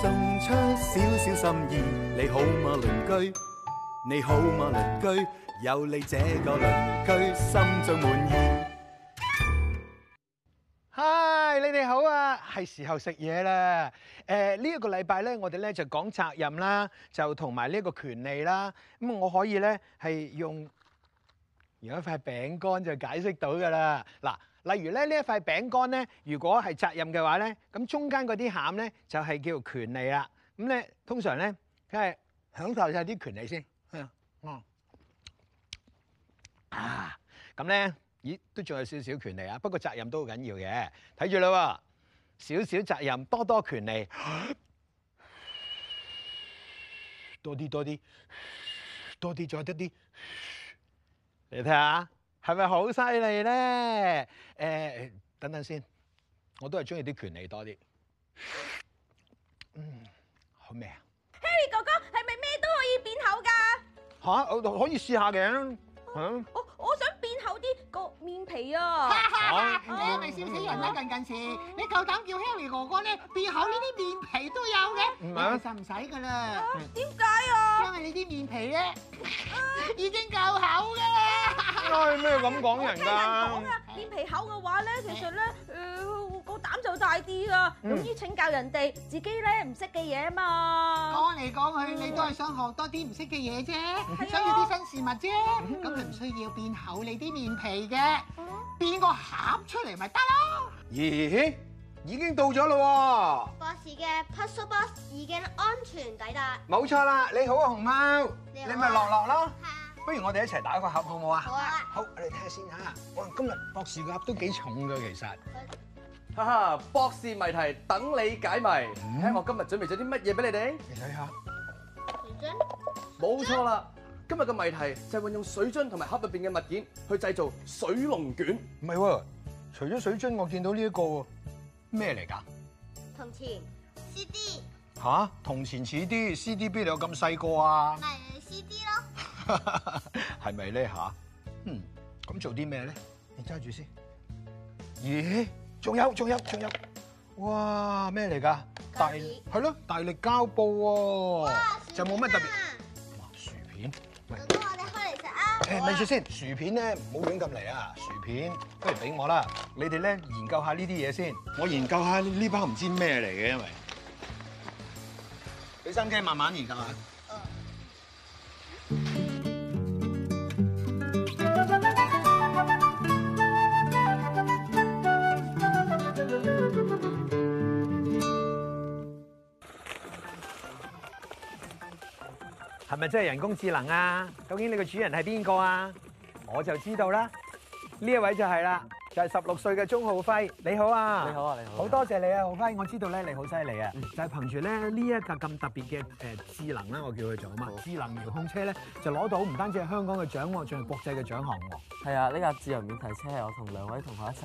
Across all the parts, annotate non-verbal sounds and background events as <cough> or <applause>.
送出少少心意，你好嘛鄰居？你好嘛鄰居？有你這個鄰居，心中滿意。嗨，你哋好啊，係時候食嘢啦。誒，呢一個禮拜咧，我哋咧就講責任啦，就同埋呢個權利啦。咁我可以咧係用有一塊餅乾就解釋到㗎啦。嗱。例如咧呢一塊餅乾咧，如果係責任嘅話咧，咁中間嗰啲餡咧就係叫權利啦。咁咧通常咧，梗係享受晒啲權利先。哦，啊，咁咧，咦，都仲有少少權利啊。不過責任都好緊要嘅。睇住啦，少少責任，多多權利，多啲多啲，多啲多啲多啲，你睇下。係咪好犀利咧？誒，等等先，我都係中意啲權力多啲。嗯，好咩啊？Harry 哥哥，係咪咩都可以變口噶？嚇、啊，我可以試下嘅嚇、啊。Oh, oh. 個面皮啊！你係咪笑死人啦？近近時，你夠膽叫 Harry 哥哥咧變厚呢啲面皮都有嘅，你都使唔使㗎啦？點解啊？因為你啲面皮咧已經夠厚㗎啦！咩咁講人㗎？聽人講啊！面皮厚嘅話咧，其實咧，誒。膽做大啲啊，勇於請教人哋，自己咧唔識嘅嘢啊嘛。講嚟講去，你都係想學多啲唔識嘅嘢啫，想要啲新事物啫。咁係唔需要變厚你啲面皮嘅，變個盒出嚟咪得咯。咦、嗯，已經到咗咯。博士嘅 Puzzle Box 已經安全抵達。冇錯啦，你好啊，熊貓，你咪樂樂咯。不如我哋一齊打個盒好唔好啊？好啊。好，我哋睇下先吓。哇，今日博士個盒都幾重噶，其實。哈哈，博士謎題等你解謎。睇我今日準備咗啲乜嘢俾你哋？你睇下，水樽，冇錯啦。今日嘅謎題就係運用水樽同埋盒入邊嘅物件去製造水龍捲。唔係喎，除咗水樽，我見到呢一個喎，咩嚟噶？銅錢、CD。吓，銅錢似啲，CD 邊度有咁細個啊？咪 CD 咯。係咪咧吓？嗯，咁做啲咩咧？你揸住先。咦？仲有仲有仲有，哇，咩嚟噶？大力係咯，大力膠布喎，啊、就冇乜特別。薯片，哥哥，我哋開嚟食啊！咪住先，薯片咧，唔好亂咁嚟啊！薯片不如俾我啦，你哋咧，研究下呢啲嘢先，我研究下呢包唔知咩嚟嘅，因為俾心機慢慢研究下。咪即係人工智能啊！究竟你個主人係邊個啊？我就知道啦，呢一位就係啦，就係十六歲嘅鍾浩輝。你好啊，你好啊，你好、啊！好多謝你啊，浩輝，我知道咧你好犀利啊，就係憑住咧呢一架咁特別嘅誒智能啦，我叫佢做啊嘛，智能遙控車咧就攞到唔單止係香港嘅獎項，仲係國際嘅獎項。係、嗯、啊，呢架自由免提車係我同兩位同學一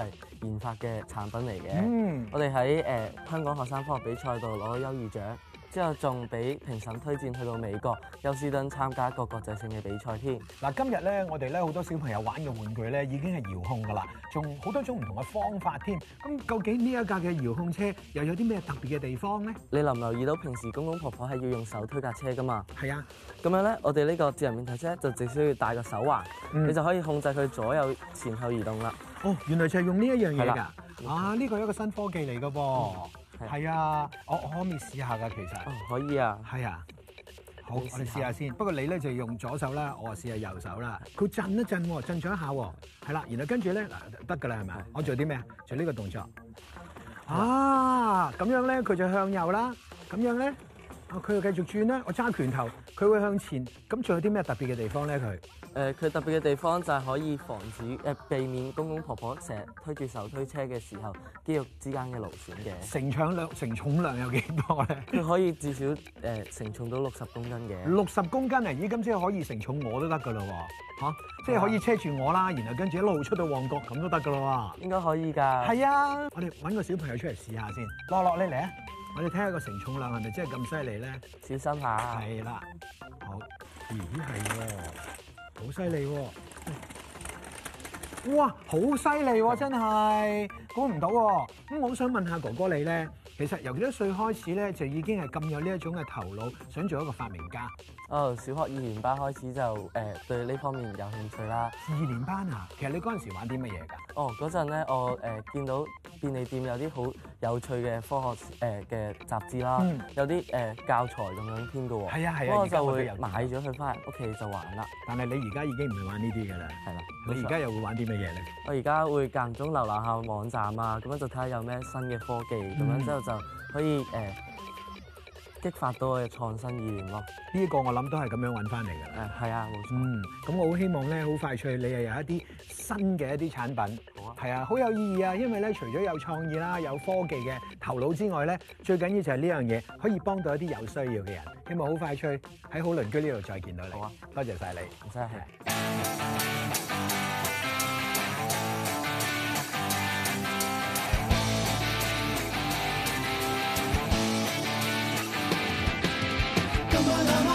齊研發嘅產品嚟嘅。嗯，我哋喺誒香港學生科學比賽度攞咗優異獎。之後仲俾評審推薦去到美國休斯敦參加一個國際性嘅比賽添。嗱，今日咧我哋咧好多小朋友玩嘅玩具咧已經係遙控噶啦，仲好多種唔同嘅方法添。咁究竟呢一架嘅遙控車又有啲咩特別嘅地方咧？你留唔留意到平時公公婆婆係要用手推架車噶嘛？係啊，咁樣咧我哋呢個智能免提車就只需要帶個手環，嗯、你就可以控制佢左右前後移動啦。哦，原來就係用呢一樣嘢噶、啊。啊，呢、這個係一個新科技嚟噶噃。嗯係啊，我可唔可以試下㗎，其實、哦、可以啊，係啊，好，試我哋試下先。不過你咧就用左手啦，我試下右手啦。佢震一震喎，震咗一下喎，係啦。然後跟住咧，嗱，得㗎啦，係咪？我做啲咩？做呢個動作啊，咁樣咧佢就向右啦，咁樣咧。佢又繼續轉咧，我揸拳頭，佢會向前。咁仲有啲咩特別嘅地方咧？佢、呃、誒，佢特別嘅地方就係可以防止誒、呃、避免公公婆婆成日推住手推車嘅時候肌肉之間嘅勞損嘅。承重量，承重量有幾多咧？佢可以至少誒承、呃、重到六十公斤嘅。六十公斤啊！咦，咁即係可以承重我都得噶啦喎嚇，即係可以車住、啊就是、我啦，然後跟住一路出到旺角咁都得噶咯喎。應該可以㗎。係啊，我哋揾個小朋友出嚟試一下先。落落你嚟啊！我哋睇下個承重量係咪真係咁犀利呢？小心下，啊。係啦，好，咦，係喎，好犀利喎，哇，好犀利喎！真係！估唔到喎！咁我好想問下哥哥你呢？其實由幾多歲開始咧，就已經係咁有呢一種嘅頭腦，想做一個發明家。哦，小學二年班開始就誒、呃、對呢方面有興趣啦。二年班啊，其實你嗰陣時候玩啲乜嘢㗎？哦，嗰陣咧，我誒、呃、見到便利店有啲好有趣嘅科學誒嘅、呃、雜誌啦，嗯、有啲誒、呃、教材咁樣編嘅喎。係啊係啊，我、啊、就會買咗佢翻屋企就玩啦。但係你而家已經唔係玩呢啲嘅啦，係啦、啊。你而家又會玩啲乜嘢咧？我而家會間中瀏覽下網站啊，咁樣就睇下有咩新嘅科技，咁樣之後。就可以誒、呃、激發到我嘅創新意念咯。呢、呢個我諗都係咁樣揾翻嚟嘅。誒、嗯、係啊，冇錯。嗯，咁我好希望咧，好快脆你又有一啲新嘅一啲產品。好啊。係啊，好有意義啊，因為咧除咗有創意啦、啊、有科技嘅頭腦之外咧，最緊要就係呢樣嘢可以幫到一啲有需要嘅人。希望好快脆喺好鄰居呢度再見到你。好啊，多謝晒你。真係。Yeah.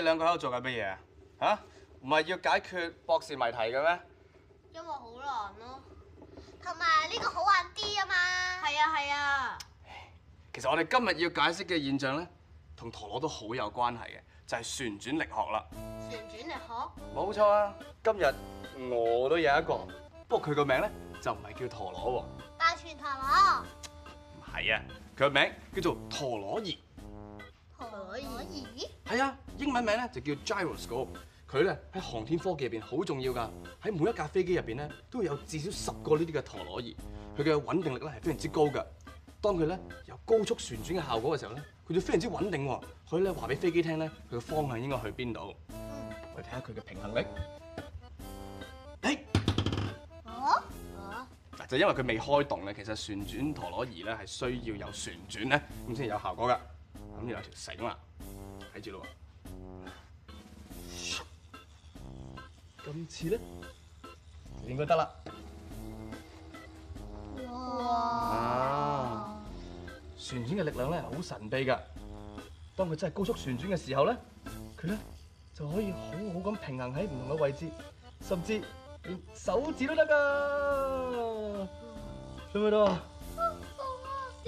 你兩個喺度做緊乜嘢啊？嚇，唔係要解決博士謎題嘅咩？因為好難咯，同埋呢個好玩啲啊嘛。係啊係啊。其實我哋今日要解釋嘅現象咧，同陀螺都好有關係嘅，就係旋轉力學啦。旋轉力學？冇錯啊，今日我都有一個，不過佢個名咧就唔係叫陀螺喎。八旋陀螺。唔係啊，佢個名叫做陀螺儀。陀螺儀係啊，英文名咧就叫 Gyroscope。佢咧喺航天科技入邊好重要噶，喺每一架飛機入邊咧都會有至少十個呢啲嘅陀螺儀。佢嘅穩定力咧係非常之高噶。當佢咧有高速旋轉嘅效果嘅時候咧，佢就非常之穩定。佢咧話俾飛機聽咧，佢嘅方向應該去邊度？我哋試下佢嘅平衡力。哎，啊，啊就因為佢未開動咧，其實旋轉陀螺儀咧係需要有旋轉咧，咁先有效果噶。咁要有條繩啦。睇住咯，今次咧應該得啦、啊。哇、啊！旋轉嘅力量咧，好神秘噶。當佢真係高速旋轉嘅時候咧，佢咧就可以好好咁平衡喺唔同嘅位置，甚至連手指都得噶、啊。得唔得？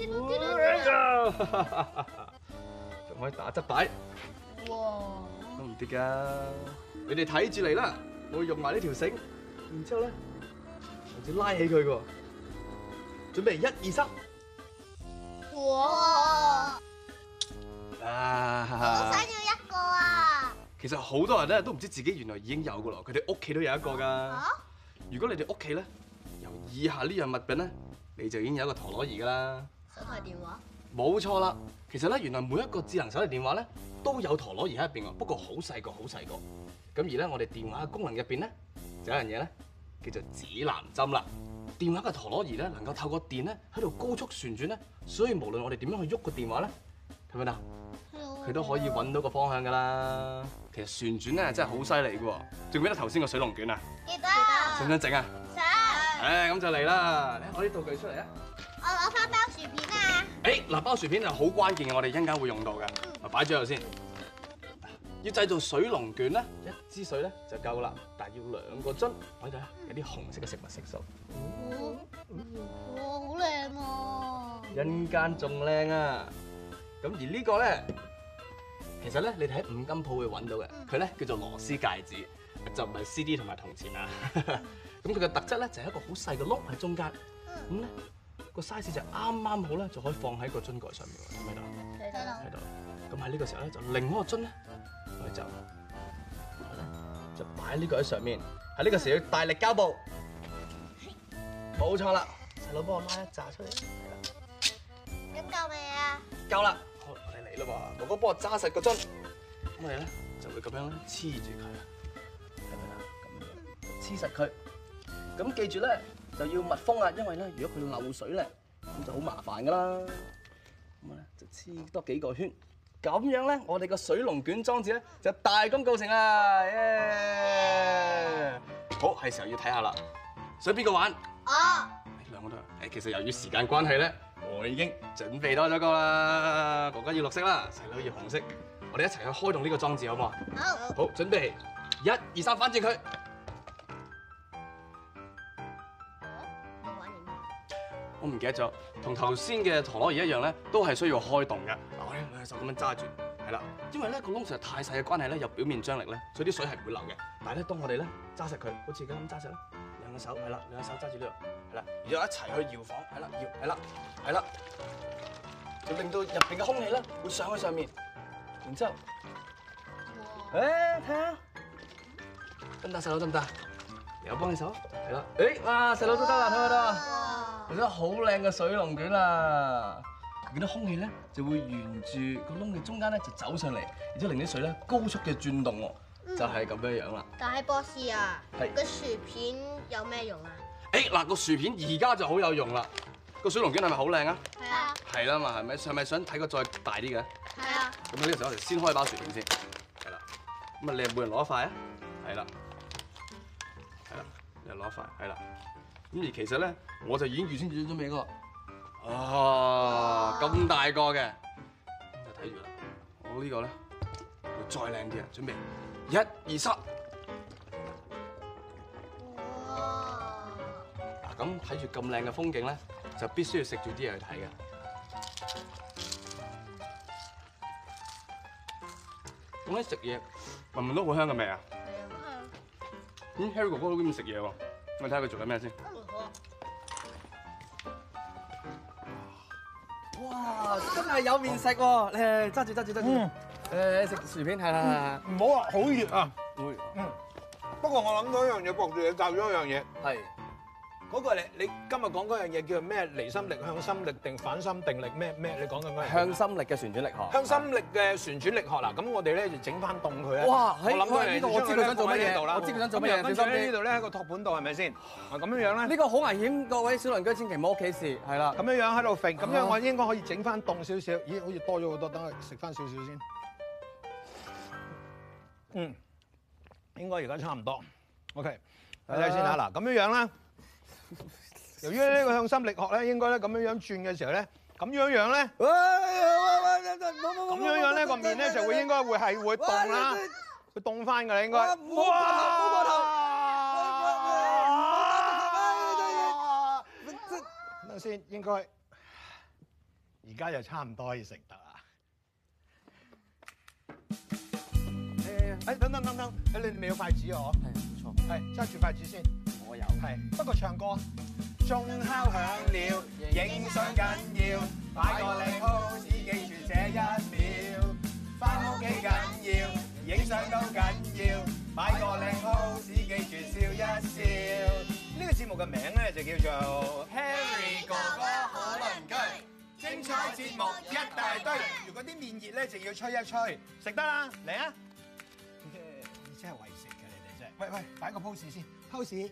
嚟、啊、啦！ <laughs> 可以打側擺，哇，都唔跌噶。你哋睇住嚟啦，我會用埋呢條繩，然之後咧，我要拉起佢喎。準備一二三，哇！啊哈哈！我想要一個啊。其實好多人咧都唔知自己原來已經有噶咯，佢哋屋企都有一個噶。啊？如果你哋屋企咧有以下呢樣物品咧，你就已經有一個陀螺儀噶啦。手提電話。冇錯啦，其實咧，原來每一個智能手提電話咧都有陀螺儀喺入邊嘅，不過好細個，好細個。咁而咧，我哋電話嘅功能入邊咧，就有一樣嘢咧叫做指南針啦。電話嘅陀螺儀咧能夠透過電咧喺度高速旋轉咧，所以無論我哋點樣去喐個電話咧，睇唔睇？佢都可以揾到個方向㗎啦。其實旋轉咧真係好犀利嘅喎，仲記得頭先個水龍捲啊？記得。想唔想整啊？想。誒，咁就嚟啦！你攞啲道具出嚟啦！嗱，包薯片就好關鍵嘅，我哋一陣間會用到嘅，咪擺最後先。要製造水龍捲咧，一支水咧就夠啦，但係要兩個樽。睇下咧，有啲紅色嘅食物色素。哇，好靚啊！一陣間仲靚啊！咁而呢個咧，其實咧，你喺五金鋪會揾到嘅，佢咧叫做螺絲戒指，就唔係 CD 同埋銅錢啊。咁佢嘅特質咧就係一個好細嘅窿喺中間，咁咧。個 size 就啱啱好咧，就可以放喺個樽蓋上面，係咪啊？睇啦。喺度。咁喺呢個時候咧，就另一個樽咧，就就擺呢個喺上面。喺呢個時候要大力膠布，冇 <laughs> 錯啦。細佬幫我拉一紮出嚟。係啦。咁夠未啊？夠啦。好，你嚟啦喎！哥哥幫我揸實個樽。咁我哋咧就會咁樣咧，黐住佢啦，係咪啊？咁樣，黐實佢。咁記住咧。就要密封啦，因為咧，如果佢漏水咧，咁就好麻煩噶啦。咁啊咧，就黐多幾個圈，咁樣咧，我哋個水龍捲裝置咧就大功告成啦，yeah！Yeah! 好，係時候要睇下啦。想邊個玩？啊，兩個都。誒，其實由於時間關係咧，我已經準備多咗個啦。哥哥要綠色啦，細佬要紅色。我哋一齊去開動呢個裝置好唔好？好。Oh. 好，準備，一二三，反轉佢。我唔記得咗，同頭先嘅陀螺儀一樣咧，都係需要開動嘅。嗱，我咧兩隻手咁樣揸住，係啦，因為咧個窿實在太細嘅關係咧，有表面張力咧，所以啲水係唔會流嘅。但係咧，當我哋咧揸實佢，好似而家咁揸實啦，兩隻手，係啦，兩隻手揸住呢度，係啦，然之後一齊去搖晃，係啦，搖，係啦，係啦，就令到入邊嘅空氣咧會上喺上面，然之後，誒、欸，睇下，等陣，細佬，等陣，嚟我幫你手，係啦，誒、哎，哇，細佬都到啦，得唔得？做咗好靚嘅水龍捲啦，而啲空氣咧就會沿住個窿嘅中間咧就走上嚟，然後令啲水咧高速嘅轉動、嗯、就係咁樣樣啦。但係，博士啊，個薯片有咩用啊？誒、哎，嗱、那，個薯片而家就好有用啦。個水龍捲係咪好靚啊？係啊，啊。係啦嘛，係咪係咪想睇個再大啲嘅？係啊。咁呢個時候我哋先開一包薯片先。係啦、啊。咁啊，啊，啊，你係每人攞一塊啊？係啦。係啦，你攞一塊。係啦。咁而其實咧，我就已經預先準備咗咩嘅咯。啊，咁大個嘅，就睇住啦。我呢個咧，再靚啲啊！準備，一、二、三。哇！嗱，咁睇住咁靚嘅風景咧，就必須要食住啲嘢去睇嘅。咁喺食嘢，聞唔聞到好香嘅味啊？係啊，好香。嗯，Harry 哥哥都中意食嘢喎，我睇下佢做緊咩先。真係有麵食，誒揸住揸住揸住，誒食、嗯、薯片係啦，唔、嗯、好呀好熱啊，嗯。不過我諗到一樣嘢，我又要教咗一樣嘢，係。嗰、那個你你今日講嗰樣嘢叫做咩？離心力、向心力定反心定力？咩咩？你講緊嗰樣？向心力嘅旋轉力學。向心力嘅旋轉力學啦，咁我哋咧就整翻動佢啊！哇！我諗緊呢度，我知佢想做乜嘢度啦！我知佢想做乜嘢度啦！咁又跟住呢度咧，喺個托盤度係咪先？啊咁樣樣咧？呢、這個好危險，各位小鄰居千祈唔好屋企試。係啦，咁樣樣喺度揈，咁樣我應該可以整翻動少少。咦，好似多咗好多，等佢食翻少少先。嗯，應該而家差唔多。OK，睇睇先嚇嗱，咁、啊、樣樣咧。由於呢個向心力學咧，應該咧咁樣樣轉嘅時候咧，咁樣樣咧，咁樣樣咧個面咧就會應該會係會凍啦，會凍翻㗎啦應該。唔好過頭，唔好過頭，唔好過頭。等先，應該而家又差唔多可以食得啦。誒，誒，等等等等，誒，你未有筷子哦？係，冇錯。係，揸住筷子先。係，不過唱歌鐘敲響了，影相緊要，擺個靚 pose，記住這一秒，翻屋企緊要，影相都緊要，擺個靚 pose，記住笑一笑。呢個節目嘅名咧就叫做 Harry 哥哥好鄰居，精彩節目一大堆。如果啲麵熱咧，就要吹一吹，食得啦，嚟啊！即係即係為食嘅你哋啫。喂喂，擺個 pose 先，pose。